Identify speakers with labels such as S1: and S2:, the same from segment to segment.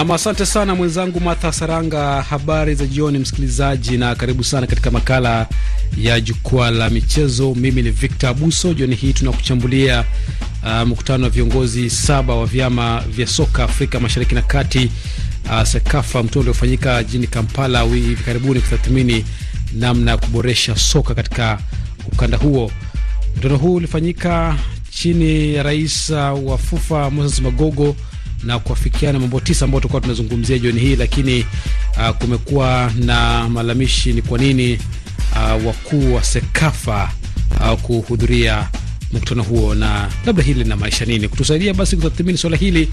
S1: Nam, asante sana mwenzangu Martha Saranga. Habari za jioni, msikilizaji, na karibu sana katika makala ya jukwaa la michezo. Mimi ni Victor Abuso. Jioni hii tunakuchambulia uh, mkutano wa viongozi saba wa vyama vya soka Afrika Mashariki na Kati, uh, SEKAFA, mkutano uliofanyika jijini Kampala hivi karibuni kutathmini namna ya kuboresha soka katika ukanda huo. Mkutano huu ulifanyika chini ya rais uh, wa FUFA Moses Magogo na kuafikiana mambo tisa ambayo tulikuwa tunazungumzia jioni hii, lakini uh, kumekuwa na malamishi ni kwa nini uh, wakuu wa SEKAFA uh, kuhudhuria mkutano huo, na labda hili lina maisha nini. Kutusaidia basi kutathmini swala hili,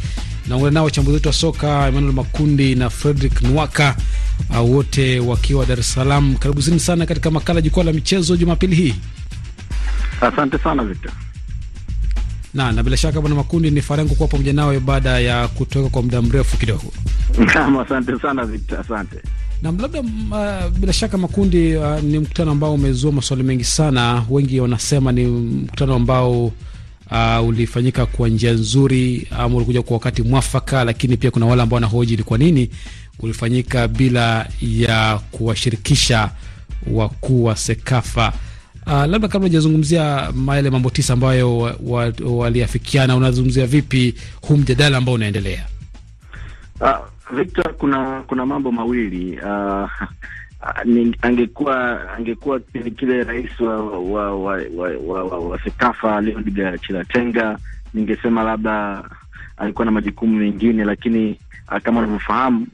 S1: naungana nao wachambuzi wetu wa soka Emmanuel Makundi na Fredrick Nwaka, uh, wote wakiwa Dar es Salaam. Karibuni sana katika makala Jukwaa la Michezo jumapili hii.
S2: Asante sana Victor
S1: na, na bila shaka bwana Makundi, ni farengo kuwa pamoja nawe baada ya kutoka kwa muda mrefu kidogo.
S2: Naam, asante sana Victor, asante
S1: nam. Labda uh, bila shaka Makundi, uh, ni mkutano ambao umezua maswali mengi sana. Wengi wanasema ni mkutano ambao Uh, ulifanyika kwa njia nzuri ama ulikuja kwa wakati mwafaka, lakini pia kuna wale ambao wanahoji ni kwa nini ulifanyika bila ya kuwashirikisha wakuu wa Sekafa. Uh, labda kabla hujazungumzia yale mambo tisa ambayo waliafikiana, wa, wa unazungumzia vipi huu mjadala ambao unaendelea?
S2: Uh, Victor, kuna kuna mambo mawili uh, angekuwa angekuwa kipindi kile rais wa wa wa wa wa Sekafa Leodegar Chilatenga, ningesema labda alikuwa na majukumu mengine, lakini kama unavyofahamu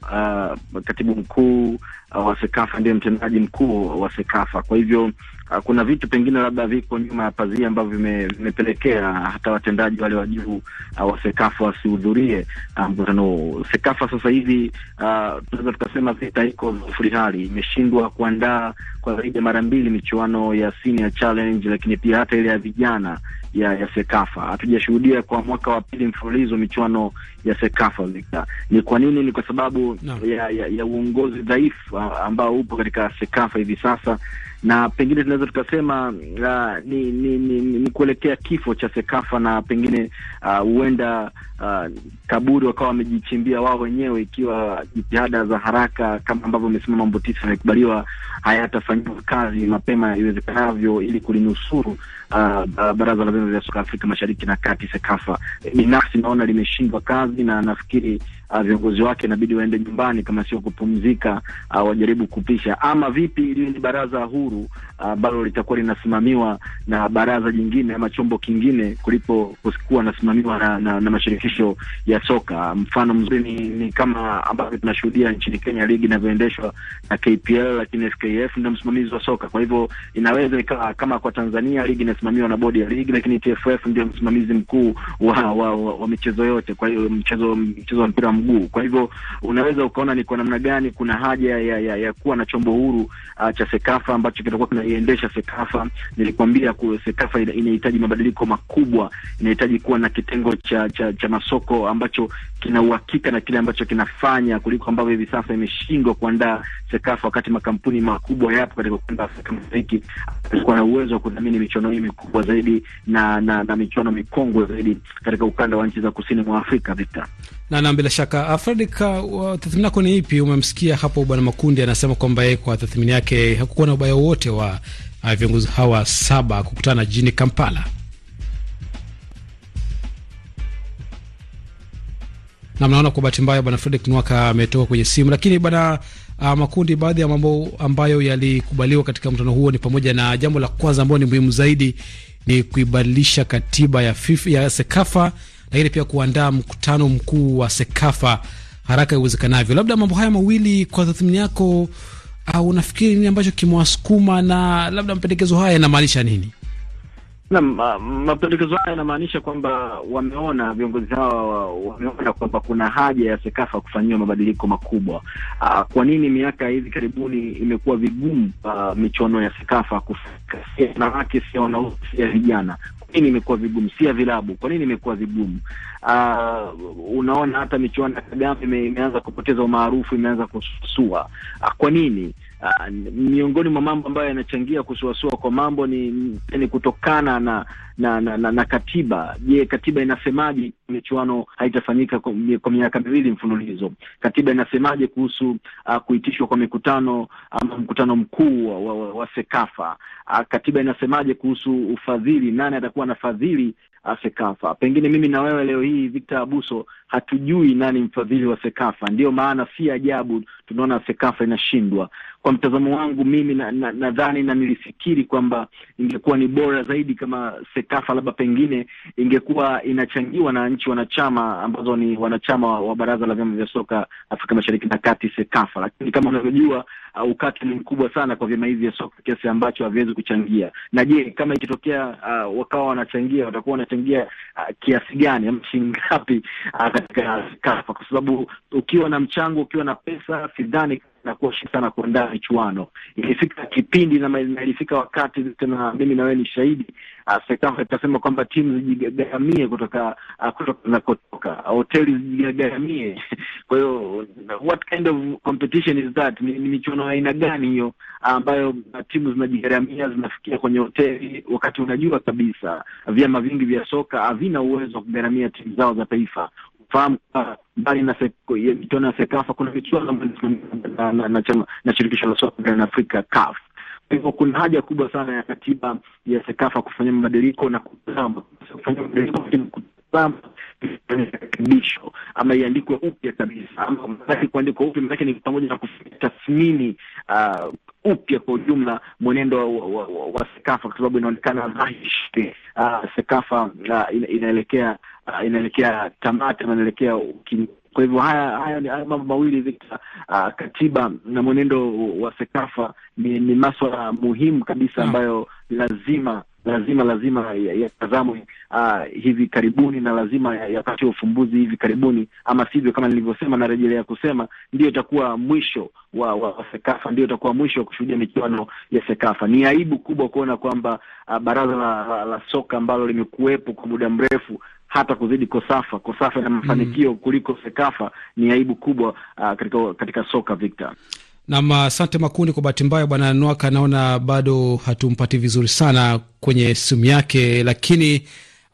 S2: katibu mkuu wa Sekafa ndiye mtendaji mkuu wa Sekafa. Kwa hivyo Ah, kuna vitu pengine labda viko nyuma ya pazia ambavyo vimepelekea hata watendaji wale wa juu uh, wa Sekafa wasihudhurie ah, mkutano huo. Sekafa sasa hivi uh, tunaweza tukasema vita iko dhufuri, hali imeshindwa kuandaa kwa zaidi ya mara mbili michuano ya Senior Challenge, lakini pia hata ile ya vijana ya, ya Sekafa. Hatujashuhudia kwa mwaka wa pili mfululizo michuano ya Sekafa Victor. Ni kwa nini? Ni kwa sababu no. ya, ya, ya uongozi dhaifu ambao upo katika Sekafa hivi sasa na pengine tunaweza tukasema uh, ni, ni, ni, ni kuelekea kifo cha Sekafa na pengine uh, huenda uh, uh, kaburi wakawa wamejichimbia wao wenyewe, ikiwa jitihada za haraka kama ambavyo amesema Mambo tisa amekubaliwa hayatafanyiwa kazi mapema iwezekanavyo ili kulinusuru uh, baraza la vyama vya soka Afrika Mashariki na Kati Sekafa. Binafsi naona limeshindwa kazi na nafikiri uh, viongozi wake inabidi waende nyumbani, kama sio kupumzika uh, wajaribu kupisha ama vipi. Hili ni baraza huru ambalo uh, litakuwa linasimamiwa na baraza jingine ama chombo kingine kulipo kusikuwa nasimamiwa na, na, na mashirikisho ya soka. Mfano mzuri ni, ni kama ambavyo tunashuhudia nchini Kenya ligi inavyoendeshwa na KPL, lakini FKF ndio msimamizi wa soka. Kwa hivyo inaweza ikawa kama kwa Tanzania ligi na inasimamiwa na bodi ya ligi, lakini TFF ndio msimamizi mkuu wa, wa, wa, wa michezo yote, kwa hiyo mchezo mchezo wa mpira wa mguu. Kwa hivyo unaweza ukaona ni kwa namna gani kuna haja ya, ya, ya kuwa na chombo huru uh, cha Sekafa ambacho kitakuwa kinaiendesha Sekafa. Nilikwambia Sekafa inahitaji mabadiliko makubwa, inahitaji kuwa na kitengo cha, cha, cha masoko ambacho kina uhakika na kile ambacho kinafanya kuliko ambavyo hivi sasa imeshindwa kuandaa Sekafa, wakati makampuni makubwa yapo katika ukanda wa Afrika Mashariki alikuwa na uwezo wa kudhamini michuano hii mikubwa zaidi na, na, na michuano mikongwe zaidi katika ukanda wa nchi za kusini mwa Afrika. Victor
S1: na na bila shaka uh, Fredrika, uh, tathmini yako ni ipi? Umemsikia hapo Bwana Makundi anasema kwamba yeye kwa tathmini yake hakukuwa na ubaya wowote wa uh, viongozi hawa saba kukutana jijini Kampala. Na mnaona kwa bahati mbaya Bwana Fredrik Nwaka ametoka kwenye simu, lakini bwana uh, makundi. Baadhi ya mambo ambayo yalikubaliwa katika mkutano huo ni pamoja na jambo la kwanza ambayo ni muhimu zaidi ni kuibadilisha katiba ya FIFA, ya SEKAFA, lakini pia kuandaa mkutano mkuu wa SEKAFA haraka iwezekanavyo. Labda mambo haya mawili kwa tathmini yako, uh, unafikiri nini ambacho kimewasukuma na labda mapendekezo haya yanamaanisha nini?
S2: Na mapendekezo haya yanamaanisha kwamba wameona viongozi hawa wameona kwamba kuna haja ya SEKAFA kufanyiwa mabadiliko makubwa. Aa, ah, kwa nini miaka hivi karibuni imekuwa vigumu uh, michuano ya SEKAFA kufika? Si ya wanawake, si ya wanaume, si ya vijana. Kwa nini imekuwa vigumu? Si ya vilabu. Kwa nini imekuwa vigumu? Uh, unaona hata michuano ya Kagame imeanza kupoteza umaarufu, imeanza kususua. Kwa nini? Ah, miongoni mwa mambo ambayo yanachangia kusuasua kwa mambo ni, ni kutokana na na na, na, na katiba. Je, katiba inasemaje? Michuano haitafanyika kwa miaka miwili mfululizo. Katiba inasemaje kuhusu uh, kuitishwa kwa mikutano ama mkutano mkuu wa, wa, wa Sekafa? Uh, katiba inasemaje kuhusu ufadhili? Nani atakuwa fadhili ah, Sekafa. Pengine mimi na wewe leo hii Victor Abuso hatujui nani mfadhili wa Sekafa, ndiyo maana si ajabu tunaona Sekafa inashindwa. Kwa mtazamo wangu mimi nadhani na, na, na nilifikiri kwamba ingekuwa ni bora zaidi kama se, CECAFA labda pengine ingekuwa inachangiwa na nchi wanachama ambazo ni wanachama wa baraza la vyama vya soka Afrika Mashariki na Kati, sekafa, Lakini kama unavyojua, uh, ukati ni mkubwa sana kwa vyama hivi vya soka kiasi ambacho haviwezi kuchangia. Na je, kama ikitokea uh, wakawa wanachangia, watakuwa wanachangia uh, kiasi gani ama shilingi ngapi uh, katika CECAFA? Kwa sababu ukiwa na mchango, ukiwa na pesa, sidhani na kuoshi sana kuandaa michuano. Ilifika kipindi na ilifika wakati tena, mimi na wewe ni shahidi, ah, serikali itasema kwamba timu zijigaramie kutoka ah, kutoka kutoka hoteli zijigharamie. Kwa hiyo what kind of competition is that? Ni michuano aina gani hiyo ah, ambayo timu zinajigaramia zinafikia kwenye hoteli, wakati unajua kabisa vyama vingi vya soka havina uwezo wa kugaramia timu zao za taifa fahamu ah, mbali na ya Sekafa kuna michuano ambayo inasimamiwa na, na, na shirikisho la soka barani Afrika CAF. Kwa hivyo kuna haja kubwa sana ya katiba ya Sekafa kufanya mabadiliko na kufanya mabadiliko rekebisho ama iandikwe upya kabisa, ama kuandikwa upya maanake ni pamoja na kufanya tathmini uh, upya kwa ujumla mwenendo wa, wa, wa, wa Sekafa kwa sababu inaonekana dhahiri uh, Sekafa uh, inaelekea uh, inaelekea tamati ama inaelekea kwa hivyo haya haya mambo mawili vikta uh, katiba na mwenendo wa Sekafa ni, ni maswala muhimu kabisa ah. ambayo lazima lazima lazima yatazamwe ya uh, hivi karibuni na lazima yapate ya ufumbuzi hivi karibuni, ama sivyo, kama nilivyosema na rejelea kusema, ndio itakuwa mwisho wa, wa, wa Sekafa, ndio itakuwa mwisho wa kushuhudia michuano ya Sekafa. Ni aibu kubwa kuona kwamba uh, baraza la, la, la soka ambalo limekuwepo kwa muda mrefu hata kuzidi Kosafa. Kosafa na mafanikio mm, kuliko Sekafa, ni aibu kubwa uh, katika, katika soka Victor.
S1: Nam, asante Makundi. Kwa bahati mbaya, bwana Nwaka, naona bado hatumpati vizuri sana kwenye simu yake, lakini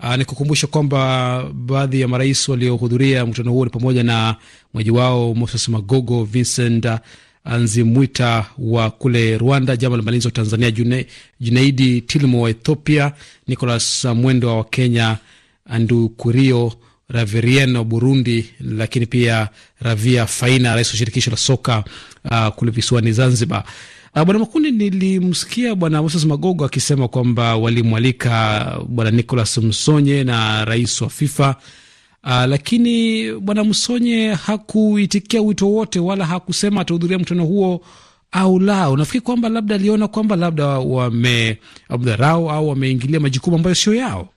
S1: uh, nikukumbusha kwamba baadhi ya marais waliohudhuria mkutano huo ni pamoja na mweji wao Moses Magogo, Vincent uh, nzimwita wa kule Rwanda, Jamal Malinzi wa Tanzania, Junaidi tilmo wa Ethiopia, Nicolas Mwendo wa Kenya Andukurio Ravirien wa Burundi, lakini pia Ravia Faina, rais wa shirikisho la soka uh, kule visiwani Zanzibar. Uh, Bwana Makundi, nilimsikia Bwana Moses Magogo akisema kwamba walimwalika uh, Bwana Nicolas Msonye na rais wa FIFA uh, lakini Bwana Msonye hakuitikia wito wote wala hakusema atahudhuria mkutano huo au la. Unafikiri kwamba labda aliona kwamba labda wamedharau au wameingilia majukumu ambayo sio yao?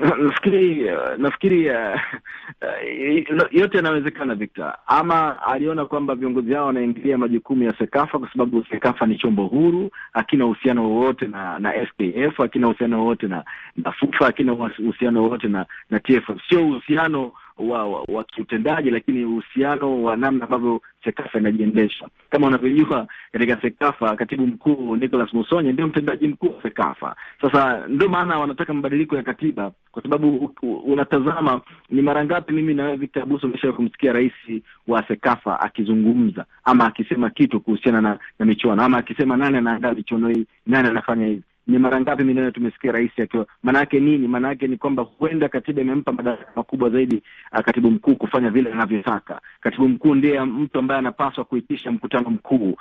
S2: Nafikiri nafikiri uh, yote yanawezekana, Victor. Ama aliona kwamba viongozi hao wanaingilia majukumu ya Sekafa kwa sababu Sekafa ni chombo huru, hakina uhusiano wowote na na SKF, hakina uhusiano wowote na na FUFA, hakina uhusiano wowote na na TFF, sio uhusiano wa, wa, wa kiutendaji, lakini uhusiano wa namna ambavyo SEKAFA inajiendesha. Kama unavyojua katika SEKAFA, katibu mkuu Nicholas Musonye ndio mtendaji mkuu wa SEKAFA. Sasa ndio maana wanataka mabadiliko ya katiba, kwa sababu unatazama ni mara ngapi mimi na Victor Abuso umesha kumsikia rais wa SEKAFA akizungumza ama akisema kitu kuhusiana na, na michuano ama akisema nani anaandaa michuano hii, nani anafanya hivi ni mara ngapi minene tumesikia rais akiwa. maanaake nini? Maanake ni kwamba huenda katiba imempa madaraka makubwa zaidi uh, katibu mkuu kufanya vile anavyotaka. Katibu mkuu ndiye mtu ambaye anapaswa kuitisha mkutano mkuu.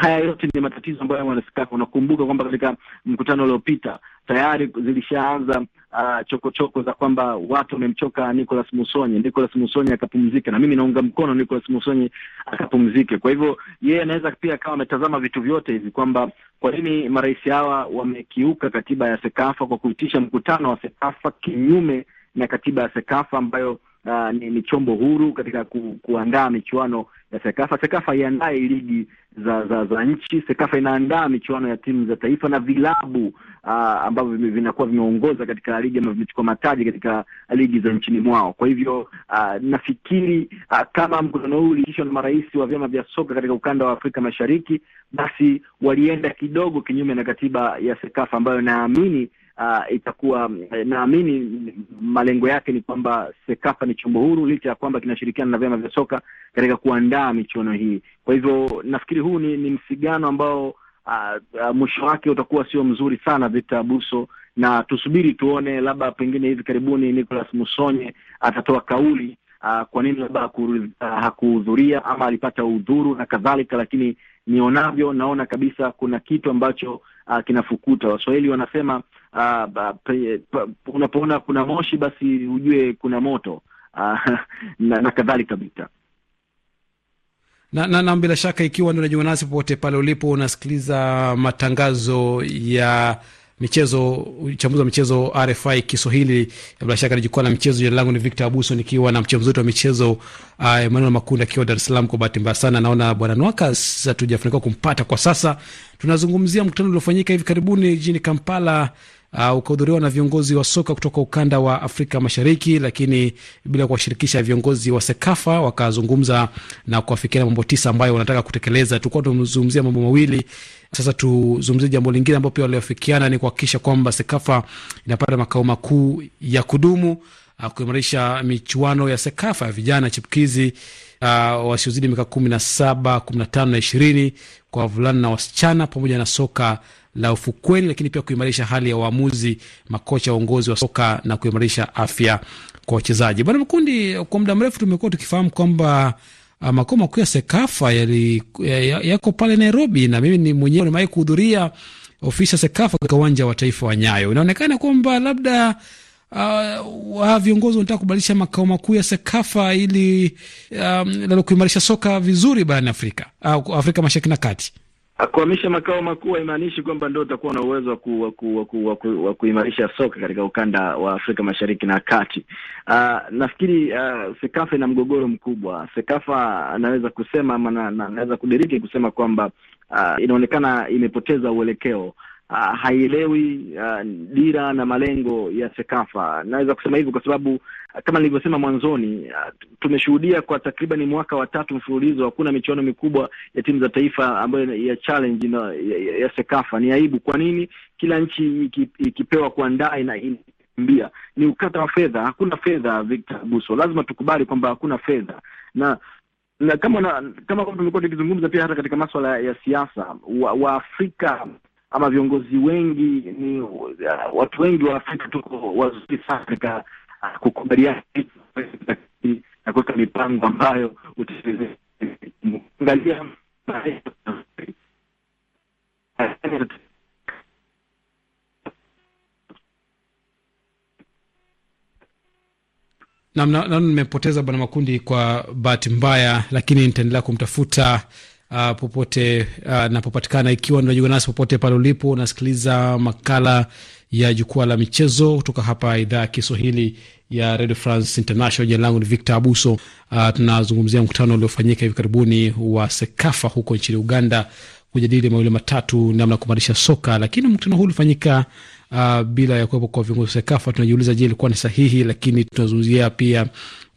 S2: Haya yote ni matatizo ambayo wanafikia. Unakumbuka kwamba katika mkutano uliopita tayari zilishaanza uh, chokochoko za kwamba watu wamemchoka Nicolas Musonye, Nicolas Musonye akapumzika, na mimi naunga mkono Nicolas Musonye akapumzike. Kwa hivyo yeye anaweza pia akawa ametazama vitu vyote hivi kwamba kwa nini marais hawa wamekiuka katiba ya Sekafa kwa kuitisha mkutano wa Sekafa kinyume na katiba ya Sekafa ambayo uh, ni, ni chombo huru katika ku, kuandaa michuano ya Sekafa. Sekafa iandae ligi za za, za nchi. Sekafa inaandaa michuano ya timu za taifa na vilabu uh, ambavyo vinakuwa vimeongoza katika ligi ama vimechukua mataji katika ligi za nchini mwao. Kwa hivyo uh, nafikiri uh, kama mkutano huu uliishwa na marais wa vyama vya soka katika ukanda wa Afrika Mashariki, basi walienda kidogo kinyume na katiba ya Sekafa ambayo naamini uh, itakuwa eh, naamini malengo yake ni kwamba Sekafa ni chombo huru, licha ya kwamba kinashirikiana na vyama vya soka katika kuandaa michuano hii. Kwa hivyo nafikiri huu ni, ni msigano ambao uh, uh, mwisho wake utakuwa sio mzuri sana, Victor Buso, na tusubiri tuone, labda pengine hivi karibuni Nicolas Musonye atatoa kauli Uh, kwa nini labda uh, hakuhudhuria uh, ama alipata udhuru na kadhalika, lakini nionavyo, naona kabisa kuna kitu ambacho uh, kinafukuta. Waswahili wanasema uh, unapoona kuna moshi basi ujue kuna moto uh, na, na kadhalika vita
S1: na, na, na bila shaka ikiwa ndio unajiunga nasi popote pale ulipo unasikiliza matangazo ya michezo, uchambuzi wa michezo RFI Kiswahili, bila shaka ni jukwaa la michezo. Jina langu ni Victor Abuso nikiwa na mchambuzi wetu wa michezo uh, Emmanuel Makunda akiwa Dar es Salaam. Kwa bahati mbaya sana naona bwana Nwaka hatujafanikiwa kumpata kwa sasa. Tunazungumzia mkutano uliofanyika hivi karibuni jijini Kampala uh, ukahudhuriwa na viongozi wa soka kutoka ukanda wa Afrika Mashariki, lakini bila kuwashirikisha viongozi wa SEKAFA. Wakazungumza na kuafikiana mambo tisa ambayo wanataka kutekeleza. Tulikuwa tumezungumzia mambo mawili sasa tuzungumzie jambo lingine ambao pia waliofikiana ni kuhakikisha kwamba SEKAFA inapata makao makuu ya kudumu, uh, kuimarisha michuano ya SEKAFA ya vijana chipukizi uh, wasiozidi miaka kumi na saba, kumi na tano na ishirini kwa wavulana na wasichana, pamoja na soka la ufukweni, lakini pia kuimarisha hali ya waamuzi, makocha, uongozi wa soka na kuimarisha afya kwa wachezaji. Bwana Mkundi, kwa muda mrefu tumekuwa tukifahamu kwamba Ah, makao makuu ya SEKAFA yako ya, ya, pale Nairobi, na mimi ni mwenyewe nimewahi kuhudhuria ofisi ya SEKAFA katika uwanja wa taifa wa Nyayo. Inaonekana kwamba labda uh, viongozi wanataka kubadilisha makao makuu ya SEKAFA ili um, kuimarisha soka vizuri barani Afrika, uh, Afrika mashariki na kati.
S2: Kuhamisha makao makuu haimaanishi kwamba ndio utakuwa na uwezo wa wa kuimarisha soka katika ukanda wa Afrika Mashariki na Kati. Uh, nafikiri uh, Sekafa ina mgogoro mkubwa. Sekafa anaweza kusema ama na, na, naweza kudiriki kusema kwamba uh, inaonekana imepoteza uelekeo uh, haielewi uh, dira na malengo ya Sekafa. Naweza kusema hivyo kwa sababu ah, kama nilivyosema mwanzoni, uh, tumeshuhudia kwa takriban mwaka wa tatu mfululizo hakuna michuano mikubwa ya timu za taifa ambayo ya challenge na, ya, ya ya Sekafa. Ni aibu. Kwa nini kila nchi ikipewa kuandaa ina mbia ni ukata wa fedha. Hakuna fedha, Victor Buso, lazima tukubali kwamba hakuna fedha na na kama na, kama tumekuwa tukizungumza pia hata katika maswala ya siasa Waafrika wa ama viongozi wengi ni uh, watu wengi wa Afrika tuko wazuri sana katika uh, kukubaliana na kuweka mipango ambayo utaangalia
S1: Naona nimepoteza Bwana Makundi kwa bahati mbaya, lakini nitaendelea kumtafuta uh, popote uh, ah, napopatikana. ikiwa ndio nasi popote pale ulipo unasikiliza makala ya jukwaa la michezo kutoka hapa idhaa ya Kiswahili ya Radio France International. Jina langu ni Victor Abuso. Uh, tunazungumzia mkutano uliofanyika hivi karibuni wa SEKAFA huko nchini Uganda kujadili mawili matatu namna ya kumarisha soka, lakini mkutano huu ulifanyika uh, bila ya kuwepo kwa viongozi wa SEKAFA. Tunajiuliza, je, ilikuwa ni sahihi? Lakini tunazungumzia pia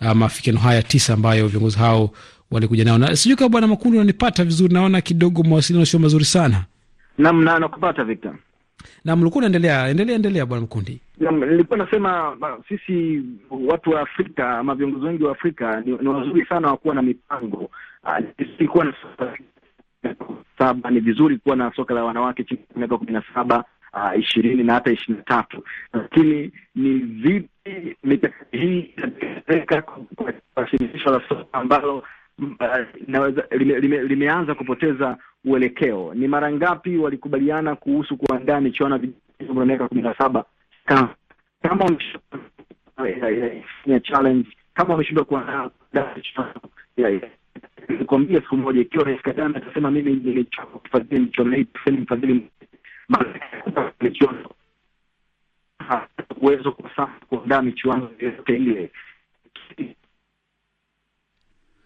S1: uh, maafikiano haya tisa ambayo viongozi hao walikuja nao, na sijui kama bwana Makundi unanipata vizuri, naona kidogo mawasiliano sio mazuri sana.
S2: Naam, na nakupata Victor.
S1: Na mlikuwa unaendelea, endelea endelea bwana Mkundi.
S2: Nilikuwa nasema sisi watu wa Afrika ama viongozi wengi wa Afrika ni, ni wazuri sana wa kuwa na mipango uh, ah, kuwa na saba ni vizuri kuwa na soka la wanawake chini ya miaka kumi na saba ah, ishirini na hata ishirini na tatu lakini ni vipi mikakati hii itaweka kwa shirikisho la soka ambalo limeanza uh, lime, lime kupoteza uelekeo. Ni mara ngapi walikubaliana kuhusu kuandaa michuano ya miaka kumi na saba kama wameshafanya challenge kama wameshindwa kuandaa nikwambia siku moja ikiwa rais Kagame atasema mimi nilichaka michuano hii, tuseme mfadhili michuano uwezo kwa sasa kuandaa michuano yoyote ile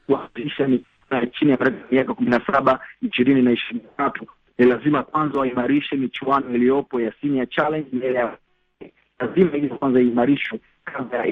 S2: kuanzisha michuano ya chini ya miaka kumi na saba ishirini na ishirini na tatu ni lazima kwanza waimarishe michuano iliyopo ya senior challenge mbele ya lazima hiyo kwanza iimarishwe kabla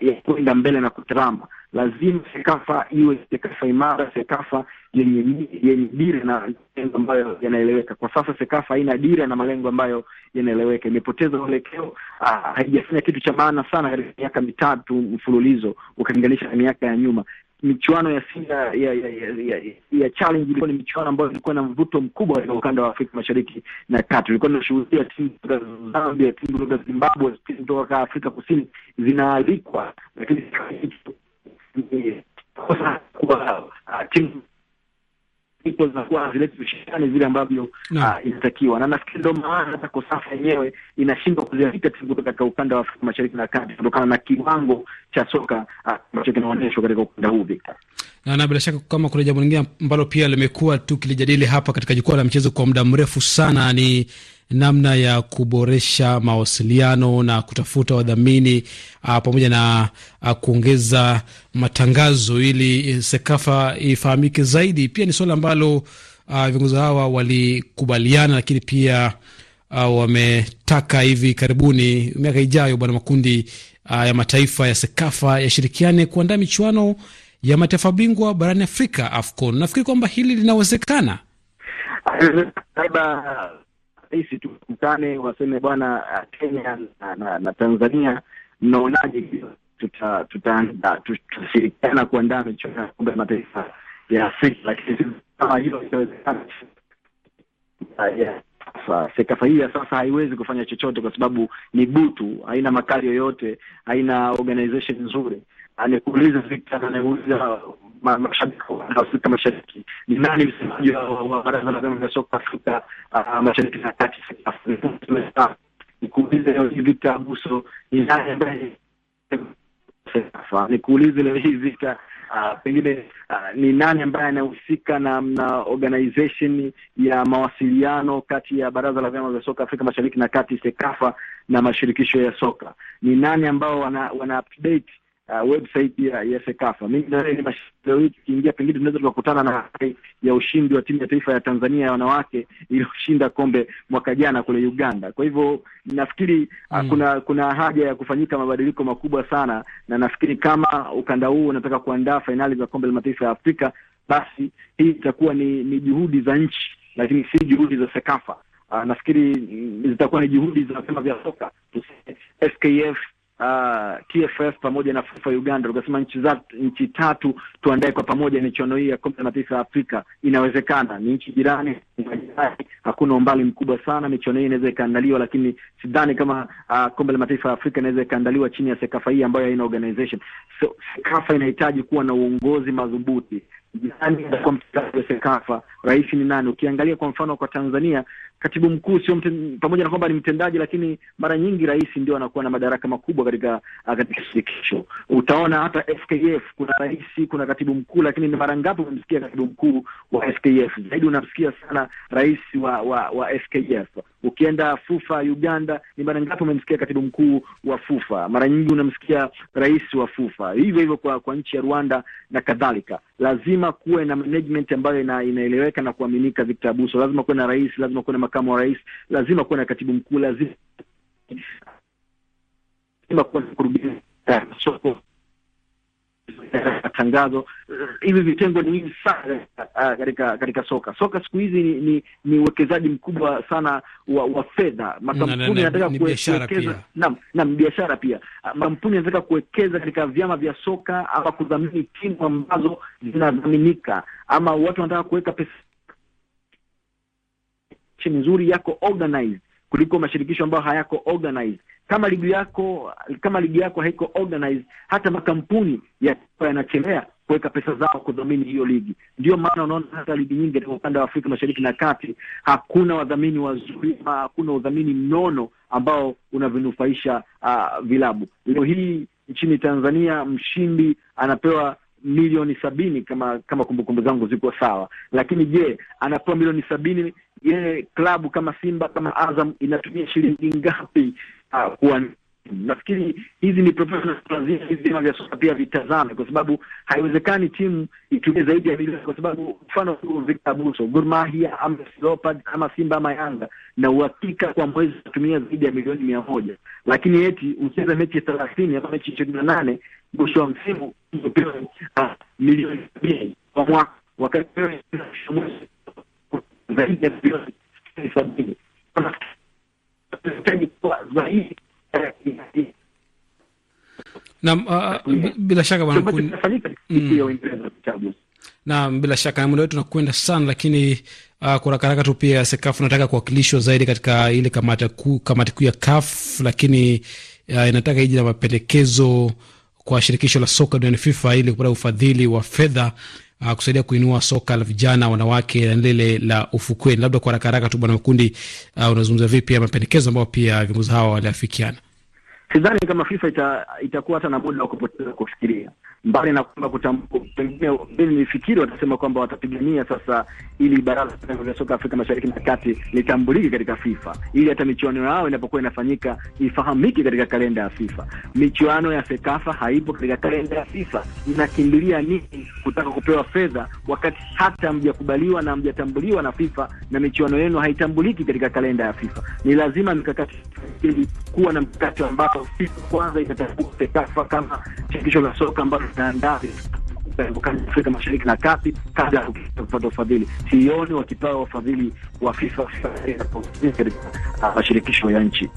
S2: ya kwenda mbele na kutrama Lazima SEKAFA iwe SEKAFA imara, SEKAFA yenye yenye dira na malengo ambayo yanaeleweka. Kwa sasa SEKAFA haina dira na malengo ambayo yanaeleweka, imepoteza uelekeo ah, haijafanya kitu cha maana sana katika miaka mitatu mfululizo ukilinganisha na miaka ya nyuma michuano ya Simba ya, ya, ya, ya challenge ilikuwa ni michuano ambayo ilikuwa na mvuto mkubwa katika ukanda wa Afrika Mashariki na kati. Ilikuwa tunashuhudia timu kutoka Zambia, timu kutoka Zimbabwe, timu kutoka Afrika Kusini zinaalikwa, lakini kwa ah, timu zinakuwa hazileti ushindani vile ambavyo no. Ah, inatakiwa na nafikiri ndio maana hata Kosafa yenyewe inashindwa kuzivita timu kutoka katika ukanda wa Afrika Mashariki na Kati kutokana na kiwango cha soka ah, ambacho kinaonyeshwa katika ukanda huu Victor.
S1: Na, na bila shaka kama kuna jambo lingine ambalo pia limekuwa tu kilijadili hapa katika jukwaa la mchezo kwa muda mrefu sana ni namna ya kuboresha mawasiliano na kutafuta wadhamini uh, pamoja na uh, kuongeza matangazo ili SEKAFA ifahamike zaidi. Pia ni suala ambalo uh, viongozi hawa walikubaliana, lakini pia uh, wametaka hivi karibuni, miaka ijayo, bwana makundi uh, ya mataifa ya SEKAFA yashirikiane kuandaa michuano ya mataifa bingwa barani Afrika, AFCON. Nafikiri kwamba hili linawezekana
S2: rahisi tu kutane waseme bwana Kenya na, na, na Tanzania mnaonaje, tuta, tuta, tutashirikiana kuandaa michuano ya kombe la mataifa ya Afrika, lakini kama hilo itawezekana Sekafa hii ya sasa haiwezi kufanya chochote kwa sababu ni butu, haina makali yoyote, haina organization nzuri anikuuliza Victor, anayeuliza mashabiki wa Afrika Mashariki, ni nani msemaji wa baraza la vyama vya soka Afrika ah, Mashariki na kati nikuulize leo hii Victor Abuso ni nani ambaye nikuulize leo hii Victor Uh, pengine uh, ni nani ambaye anahusika na, na organization ya mawasiliano kati ya baraza la vyama vya soka Afrika Mashariki na Kati, SEKAFA, na mashirikisho ya soka? Ni nani ambao wana, wana update uh, website ya, ya Sekafa. Mimi ni mashindano tukiingia, pengine tunaweza tukakutana na ya ushindi wa timu ya taifa ya Tanzania ya wanawake iliyoshinda kombe mwaka jana kule Uganda. Kwa hivyo nafikiri uh, mm, uh, kuna kuna haja ya kufanyika mabadiliko makubwa sana, na nafikiri kama ukanda huu unataka kuandaa fainali za kombe la mataifa ya Afrika, basi hii itakuwa ni, ni juhudi za nchi, lakini si juhudi za Sekafa. Uh, nafikiri mm, zitakuwa ni juhudi za vyama vya soka, SKF uh, TFF pamoja na FUFA Uganda, tukasema nchi za nchi tatu tuandae kwa pamoja michuano hii ya kombe la mataifa ya Afrika. Inawezekana, ni nchi jirani, hakuna umbali mkubwa sana. Michuano hii inaweza ikaandaliwa, lakini sidhani kama uh, kombe la mataifa ya Afrika inaweza ikaandaliwa chini ya Sekafa hii ambayo haina organization. So Sekafa inahitaji kuwa na uongozi madhubuti. Jirani atakuwa mchezaji wa Sekafa, rais ni nani? Ukiangalia kwa mfano kwa Tanzania katibu mkuu sio pamoja na kwamba ni mtendaji, lakini mara nyingi rais ndio anakuwa na madaraka makubwa katika ah, katika shirikisho. Utaona hata FKF kuna rais, kuna katibu mkuu, lakini ni mara ngapi umemsikia katibu mkuu wa FKF? Zaidi unamsikia sana rais wa, wa, wa FKF. Ukienda FUFA Uganda, ni mara ngapi umemsikia katibu mkuu wa FUFA? Mara nyingi unamsikia rais wa FUFA, hivyo hivyo kwa, kwa nchi ya Rwanda na kadhalika. Lazima kuwe na management ambayo ina, inaeleweka na kuaminika. Victor Abuso, lazima kuwe na rais, lazima kuwe na makamu wa rais, lazima kuwe na katibu mkuu, lazima kuwe na mkurugenzi soko matangazo. Hivi vitengo ni vingi sana eh, katika katika soka. Soka siku hizi ni ni uwekezaji mkubwa sana wa, wa fedha. Makampuni yanataka kuwekeza, naam naam, biashara pia. Makampuni yanataka kuwekeza katika vyama vya soka ama kudhamini timu ambazo zinadhaminika, ama watu wanataka kuweka pesa nzuri yako organized kuliko mashirikisho ambayo hayako organized. Kama ligi yako kama ligi yako haiko organized, hata makampuni yanachelea kuweka pesa zao kudhamini hiyo ligi. Ndio maana unaona hata ligi nyingi katika upande wa Afrika Mashariki na Kati hakuna wadhamini wazuri, hakuna udhamini mnono ambao unavinufaisha uh, vilabu. Leo hii nchini Tanzania mshindi anapewa milioni sabini kama kama kumbukumbu zangu ziko sawa, lakini je, anapewa milioni sabini yeye klabu kama Simba kama Azam inatumia shilingi ngapi uh, kuwa nafikiri hizi ni lazima vyama vya soka pia vitazame, kwa sababu haiwezekani timu itumie zaidi ya milioni, kwa sababu mfano Victor Abuso, Gor Mahia ama Leopards ama Simba ama Yanga na uhakika kwa mwezi atumia zaidi ya milioni mia moja, lakini eti ucheze mechi thelathini ama mechi ishirini na nane mwisho wa msimu upewe ah, milioni kwa mwaka, wakati zaidi ya milioni sabini Uh, mm.
S1: Naam, bila shaka bwana naam, bila shaka na muda wetu nakwenda sana, lakini uh, kwa rakaraka tu pia SEKAFU nataka kuwakilishwa zaidi katika ile kamati kuu kamati kuu ya CAF, lakini uh, inataka iji na mapendekezo kwa shirikisho la soka duniani FIFA ili kupata ufadhili wa fedha uh, kusaidia kuinua soka la vijana wanawake na lile la ufukweni. Labda kwa haraka haraka tu, bwana Makundi, uh, unazungumza vipi ya mapendekezo ambayo pia viongozi hawa waliafikiana?
S2: Sidhani kama FIFA itakuwa ita hata na muda wa kupoteza kufikiria mbali na kwamba kutambua, pengine mimi nifikiri watasema kwamba watapigania sasa, ili baraza la soka Afrika Mashariki na Kati litambulike katika FIFA, ili hata michuano yao inapokuwa inafanyika ifahamike katika kalenda ya FIFA. Michuano ya Sekafa haipo katika kalenda ya FIFA, inakimbilia nini kutaka kupewa fedha wakati hata mjakubaliwa na mjatambuliwa na FIFA na michuano yenu haitambuliki katika kalenda ya FIFA? Ni lazima mikakati, kuwa na mkakati ambao FIFA kwanza itatambua Sekafa kama shirikisho la soka ambalo linaandaa Afrika Mashariki na Kati kabla ya kupata ufadhili. Sioni wakipewa wafadhili wa FIFA katika mashirikisho ya nchi.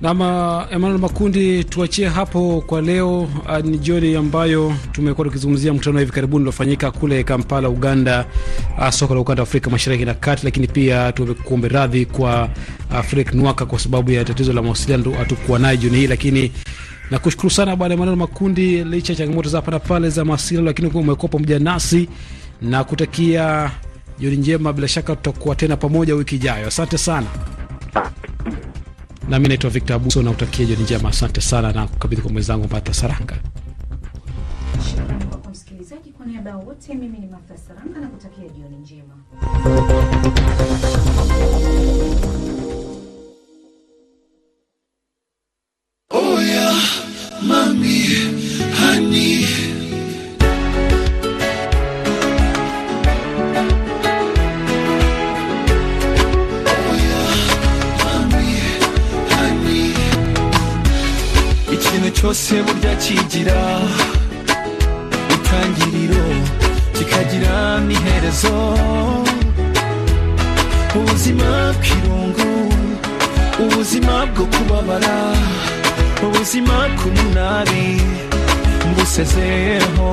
S2: Nam
S1: uh, Emmanuel Makundi, tuachie hapo kwa leo. Uh, ni jioni ambayo tumekuwa tukizungumzia mkutano wa hivi karibuni uliofanyika kule Kampala, Uganda, uh, soka la ukanda wa Afrika Mashariki na Kati, lakini pia tuombe radhi kwa Afrika Nwaka kwa sababu ya tatizo la mawasiliano hatukuwa naye jioni hii, lakini na kushukuru sana bwana Emanuel Makundi, licha ya changamoto za hapa na pale za mawasiliano, lakini umekuwa pamoja nasi na kutakia jioni njema. Bila shaka tutakuwa tena pamoja wiki ijayo. Asante sana. Nami naitwa Victor Abuso na kutakia jioni njema. Asante sana na kukabidhi kwa mwenzangu Mpata Saranga.
S3: mimi ni Saranga na kutakia jioni njema. Mami, honey. ikintu cyose burya kigira itangiriro kikagira n'iherezo ubuzima bw'irungu ubuzima bwo kubabara ubuzima k'umunabi mbusezereho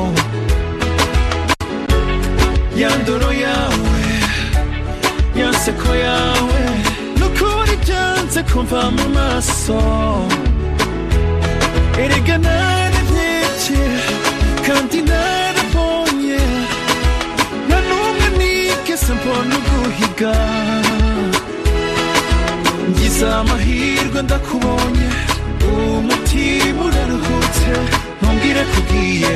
S3: ya ndoro yawe ya nseko yawe n'ukuri byanze kumva mu maso erega nararebye kandi narabonye na n'umwe nigeze mbona uguhiga ngize amahirwe ndakubonye umutima uraruhutse ntumbwire kugiye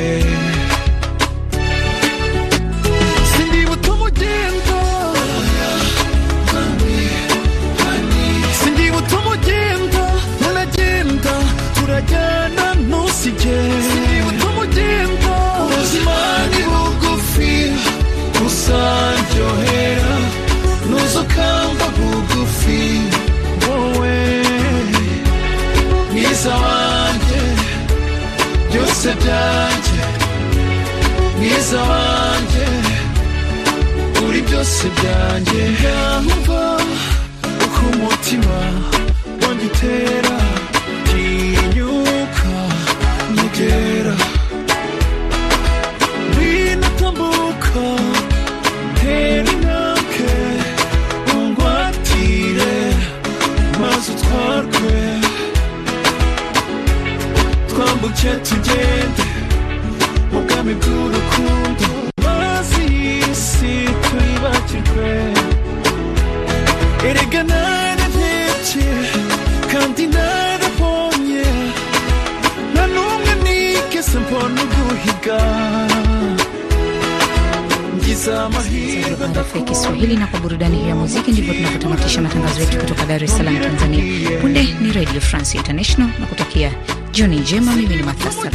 S3: sindibuta umugenda byanjye mwiza wanjye uri byose byanjye yamva uko umutima wanjye utera noche tuyente Ogami kuro kundu isi tuibachirwe Erega nare Kandi nare ponye Nanunga nike sempono guhiga maarufu ya Kiswahili na kwa burudani hiyo ya muziki, ndivyo tunapotamatisha matangazo yetu kutoka Dar es Salaam, Tanzania. Punde ni Radio France International na kutokia Jioni njema. Mimi ni Matasara.